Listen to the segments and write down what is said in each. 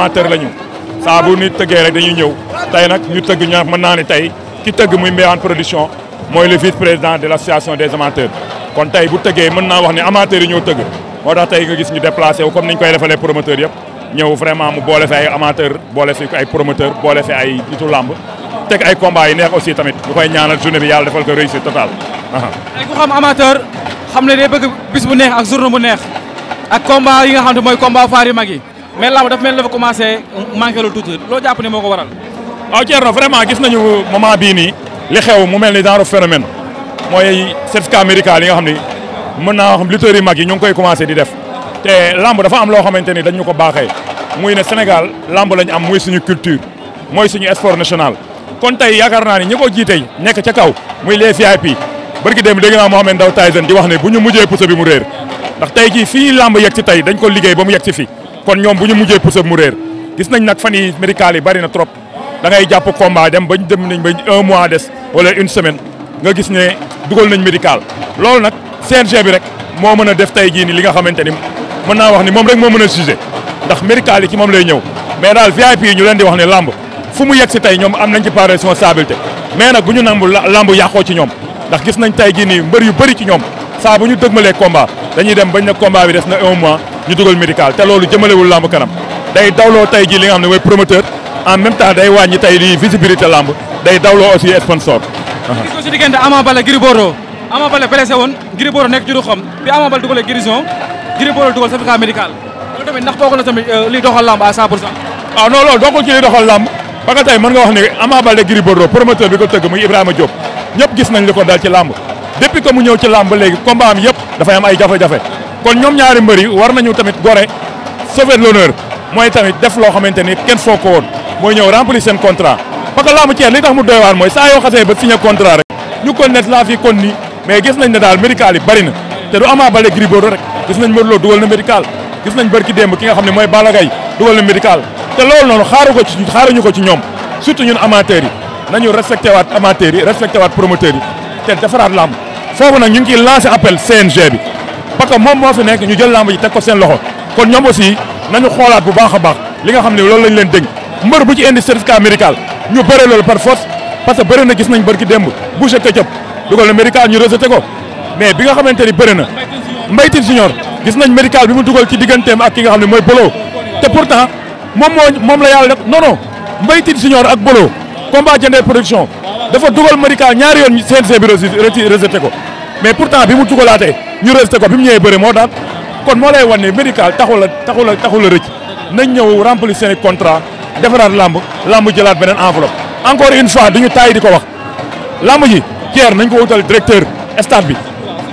amateur lañu saa bu nit tëggee rek dañuy ñëw tey nag ñu tëgg ña mën naa ne tey ki tëgg muy Mbéyaan production mooy le président de l' association des kon tey bu tëggee mën naa wax ne amateurs yi ñoo tëgg moo tax tey nga gis ñu déplacé wu niñ koy defalee promoteur yëpp ñëw vraiment mu boole fi ay amateur boole fi ay promoteur boole fi ay nitu làmb teg ay combat yi neex aussi tamit ñu koy ñaanal journée bi yàlla defal ko réussite totale tey ku xam amateur mais lamb dafa mel dafa commencé manqué lu tuuti loo jàpp ne moo ko waral. waaw Thierno vraiment gis nañu moment bii nii li xew mu mel ni genre phénomène mooy certificat médical yi nga xam ni mën naa xam lutteurs yu mag yi ñu ngi koy commencé di def te lamb dafa am loo xamante ni dañu ko baaxee muy ne Sénégal lamb lañ am muy suñu culture mooy suñu sport national. kon tey yaakaar naa ni ñi ko jiitey nekk ca kaw muy les VIP barki dem dégg naa Mohamed Ndao Tyson di wax ne bu ñu mujjee puso bi mu réer ndax tey jii fii tey dañ ko liggéey ba mu yegg kon ñoom bu ñu mujjee puso mu réer gis nañ nag fan yi médical yi bari na trop da ngay jàpp combat dem bañ dem nañ ba un mois des wala une semaine nga gis ne dugal nañ médical loolu nag CNG bi rek moo mën a def tey jii ni li nga xamante ni mën naa wax ni moom rek moo mën a jugé ndax médical yi ci moom lay ñëw mais daal VIP yi ñu leen di wax ne lamb fu mu yegg si tey ñoom am nañ ci part responsabilité mais nag bu ñu nangu lamb yàqoo ci ñoom ndax gis nañ tey jii nii mbër yu bëri ci ñoom saa bu ñu dëgmalee combat dañuy dem bañ na combat des na un mois ñu dugal médical te loolu jëmalewul làmb kanam day dawloo tey ji li nga xam ne mooy promoteur en même temps day wàññi tey li visibilité làmb day dawloo aussi sponsor. gis nga si diggante Ama Baldé Gris Bordeaux Ama Baldé blessé woon Gris Bordeaux nekk juru xam bi Ama Baldé dugalee guérison Gris Bordeaux dugal certificat médical loolu tamit ndax na tamit euh, liy doxal làmb à 100 pour ah ci liy doxal làmb ba mën nga wax ne Ama Baldé promoteur bi ko tëgg muy Ibrahima Diop ñëpp gis nañ li ko dal ci làmb depuis que mu ñëw ci làmb léegi combat am dafay am ay jafe kon ñoom ñaari mbër yi war nañu tamit gore sauver l'honneur mooy tamit def loo xamante ni kenn foo ko woon mooy ñëw remplir seen contrat parce que laamu li tax mu doy waar mooy saa yoo xasee ba signé contrat rek ñu kon net laa fi kon nii mais gis nañ ne daal médical yi bari na te du Ama Baldé Gris Bordeaux rek gis nañ Modou Lo dugal na médical gis nañ bërki démb ki nga xam ne mooy Balla Gaye dugal na médical te loolu noonu xaaru ko ci xaaruñu ko ci ñoom surtout ñun amateurs yi nañu respecté waat amateurs yi respecté waat promoteurs yi te defaraat lamb foofu nag ñu ngi ciy parce que moom moo fi nekk ñu jël làmb ji teg ko seen loxo kon ñoom aussi nañu xoolaat bu baax a baax li nga xam ne loolu lañ leen dénk mbër bu ci indi certificat médical ñu bëre loolu par force parce que bëri na gis nañ bërki démb boucher këcëb dugal na médical ñu rejeté ko mais bi nga xamante ni bëri na mbaytin junior gis nañ médical bi mu dugal ci digganteem ak ki nga xam ne mooy Bolo te pourtant moom moo moom la yàlla def non non mbaytin junior ak Bolo combat jëndee production dafa dugal médical ñaari yoon CNG bi rejeté ko mais pourtant bi mu dugalaatee ñu resté ko bi mu ñëwee bëre moo daan kon moo lay wan ne médical taxul a taxul a taxul nañ ñëw remplir seen i contrat defaraat lamb lamb jëlaat beneen enveloppe. encore une fois ñu taay di ko wax lamb ji ceer nañ ko wutal directeur stade bi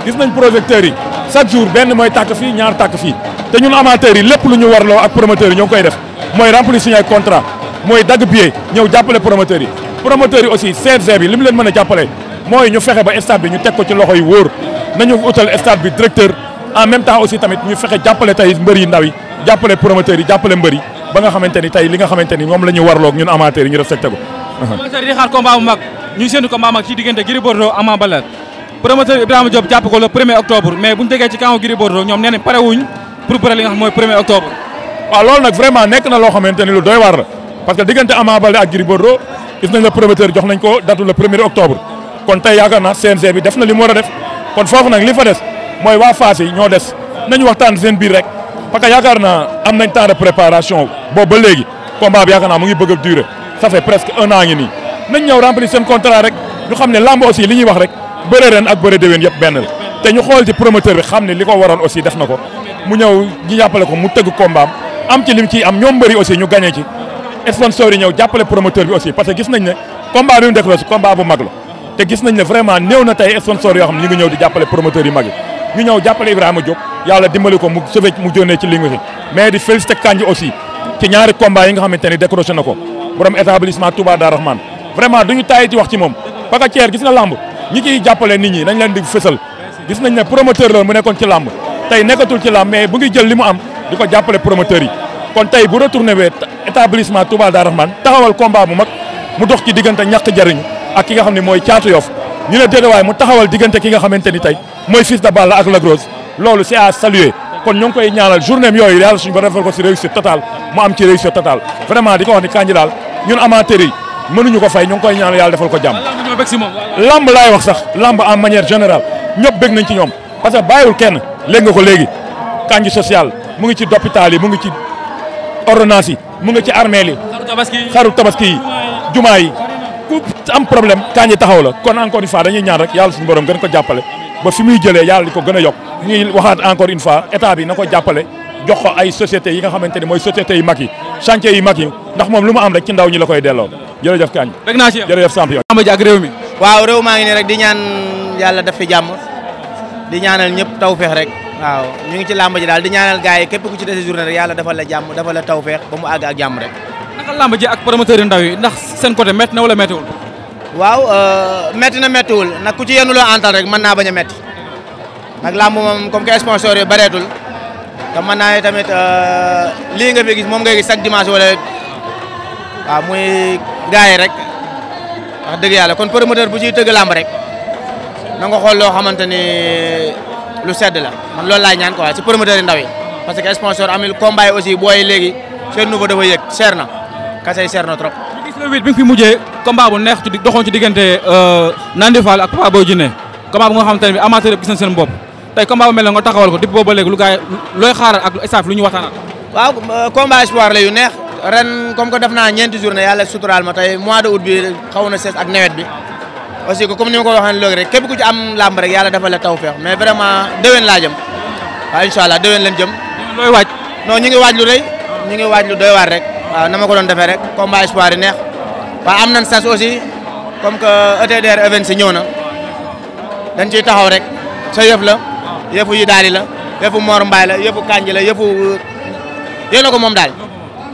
gis nañ projecteurs yi chaque jour benn mooy tàkk fii ñaar tàkk fii te ñun amateurs yi lépp lu ñu warloo ak promoteurs yi koy def mooy remplir suñu ay contrat mooy dagg billet ñëw jàppale promoteurs yi promoteurs yi bi li leen mën a jàppale mooy ñu fexe ba stade bi ñu teg ko ci loxo yu wóor nañu utal stade bi directeur en même temps aussi tamit ñu fexe jàppale tey mbër yi ndaw yi jàppale promoteurs yi jàppale mbër yi ba nga xamante ni tey li nga xamante ni moom la ñun amateurs yi ñu respecté ko. promoteurs yi di xaar combat bu mag ñu séntu combat mag ci diggante Gris Bordeaux Ama Baldé promoteur Ibrahima Diop jàpp ko le 1er octobre mais bu ñu déggee ci camp Gris Bordeaux ñoom nee nañ pare wuñ pour bëre li nga xam mooy 1er octobre. waaw loolu nag vraiment nekk na loo xamante lu doy waar parce que diggante Ama Baldé ak Gris Bordeaux gis nañ la promoteur jox nañ ko datu le 1er octobre kon tey yaakaar naa CNG bi def na li mu war a def kon foofu nag li fa des mooy waa Fass yi ñoo des nañu waxtaan seen biir rek parce yaakaar naa am nañ temps préparation boobu ba léegi combat yaakaar naa mu ngi bëgg a durer ça fait presque un an ngi nii nañ ñëw remplir contrat rek ñu xam ne lamb aussi li ñuy wax rek bëre ren ak bëre déwén yëpp benn la te ñu xool ci promoteur bi xam ne li ko waroon aussi def na ko mu ñëw ñu jàppale ko mu tëgg combat ñu gagné ci sponsor yi ñëw nañ ne combat bi mu te gis nañ ne vraiment néew na tey sponsor yoo xam ne ñu ngi ñëw di jàppale promoteurs yu mag yi ñu ñëw jàppale Ibrahima Diop yàlla dimbali ko mu sauvé mu jónnee ci ligne bi mais di félicité Kandji aussi ci ñaari combat yi nga xamante ni décroché na ko borom établissement Touba Dar Rahman vraiment duñu tàyyi ci wax ci moom Paka Thier gis na lamb ñi ciy jàppale nit ñi nañ leen di fësal gis nañ ne promoteur la mu nekkoon ci lamb tey nekkatul ci lamb mais bu mu am ko jàppale promoteurs yi kon tey bu retourné wee établissement Touba Dar taxawal combat bu mag mu dox ci diggante ñàkk jariñu ak ki nga xam ne mooy caatu yof ñu ne déedéewaay mu taxawal diggante ki nga xamante ni tey mooy fils de Balla ak Lac loolu c'est à saluer kon ñu koy ñaanal journée yooyu yàlla suñu ba defal ko si réussite totale mu am ci réussite totale vraiment di ko wax ni kanji daal ñun amateurs yi mënuñu ko fay ñu koy ñaanal yàlla defal ko jàmm lamb laay wax sax lamb en manière générale ñëpp bég nañ ci ñoom parce que bàyyiwul kenn léegi nga ko léegi kanji social mu ku am problème Kandji taxaw la kon encore une dañuy ñaan rek yàlla suñu borom gën ko jàppale ba fi muy jëlee yàlla di ko gën a yokk ñuy waxaat encore une fois état bi na ko jàppale jox ko ay sociétés yi nga xamante ni mooy sociétés yu mag yi chantier yu mag yi ndax moom lu mu am rek ci ndaw ñi la koy delloo jërëjëf Kandji rek naa ci jërëjëf champion am ak réew mi waaw réew maa ngi ne rek di ñaan yàlla def fi jàmm di ñaanal ñëpp tawfeex rek waaw ñu ngi ci làmb ji yi képp ku ci dese journée rek yàlla defal la jàmm defal la tawfeex ba naka lamb ji ak promoteur yu ndaw yi ndax sen côté met na wala waw euh met na metul nak ku ci yenu lo antal rek man na baña a nak lamb mom comme que sponsor yu baretul da man na tamit euh li nga fi gis mom ngay gis chaque dimanche wala wa muy gaay rek wax deug yalla kon promoteur bu ci teug lamb rek na nga xol lo xamanteni euh, lu sedd la man lool la ñaan quoi ci promoteur ndaw yi parce que sponsor amul combat aussi boy léegi seen nouveau dafa cher na. kase seer na trop. ñu gis le huit bi nga fi mujjee combat bu neex ci doxoon ci diggante euh, Nandi Fall ak Papa Boy Djiné combat bu nga xamante ne bi amateur yëpp gis nañ bopp tey combat bu nga taxawal ko depuis boobu ba léegi lu gaay looy xaaral ak staff lu ñu waxtaanaat. waaw combat espoir la yu neex ren comme que def naa ñeenti journée yàlla suturaal ma tey mois de août bi xaw na sees ak nawet bi. aussi comme ni ko waxee léegi rek képp ci am làmb rek yàlla dafa la tawfeex mais vraiment déwén waaw na ma ko doon defee rek combat espoir yi neex waaw am na sas aussi comme que ETDR event si ñëw na dañ ciy taxaw rek sa yëf la yëfu yi daali la yëfu Mor Mbaay la yëfu Kanji la yëfu yéen ko moom daal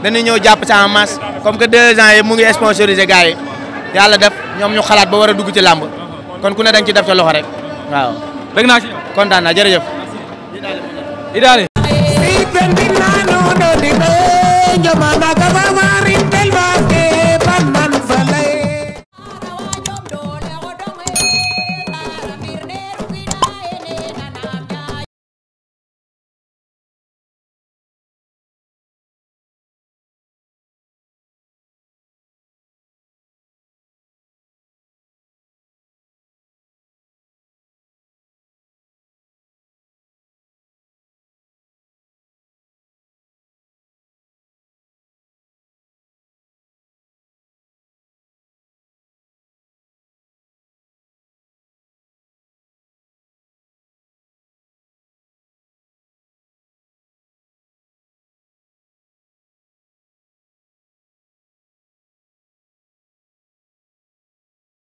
dañuy ñëw jàpp ci en masse comme que deux ans yi mu ngi sponsorisé gars yi yàlla def ñoom ñu xalaat boo war a dugg ci làmb kon ku ne dañ ci def ca loxo rek waaw. bëgg naa kontaan naa jërëjëf. Idaali.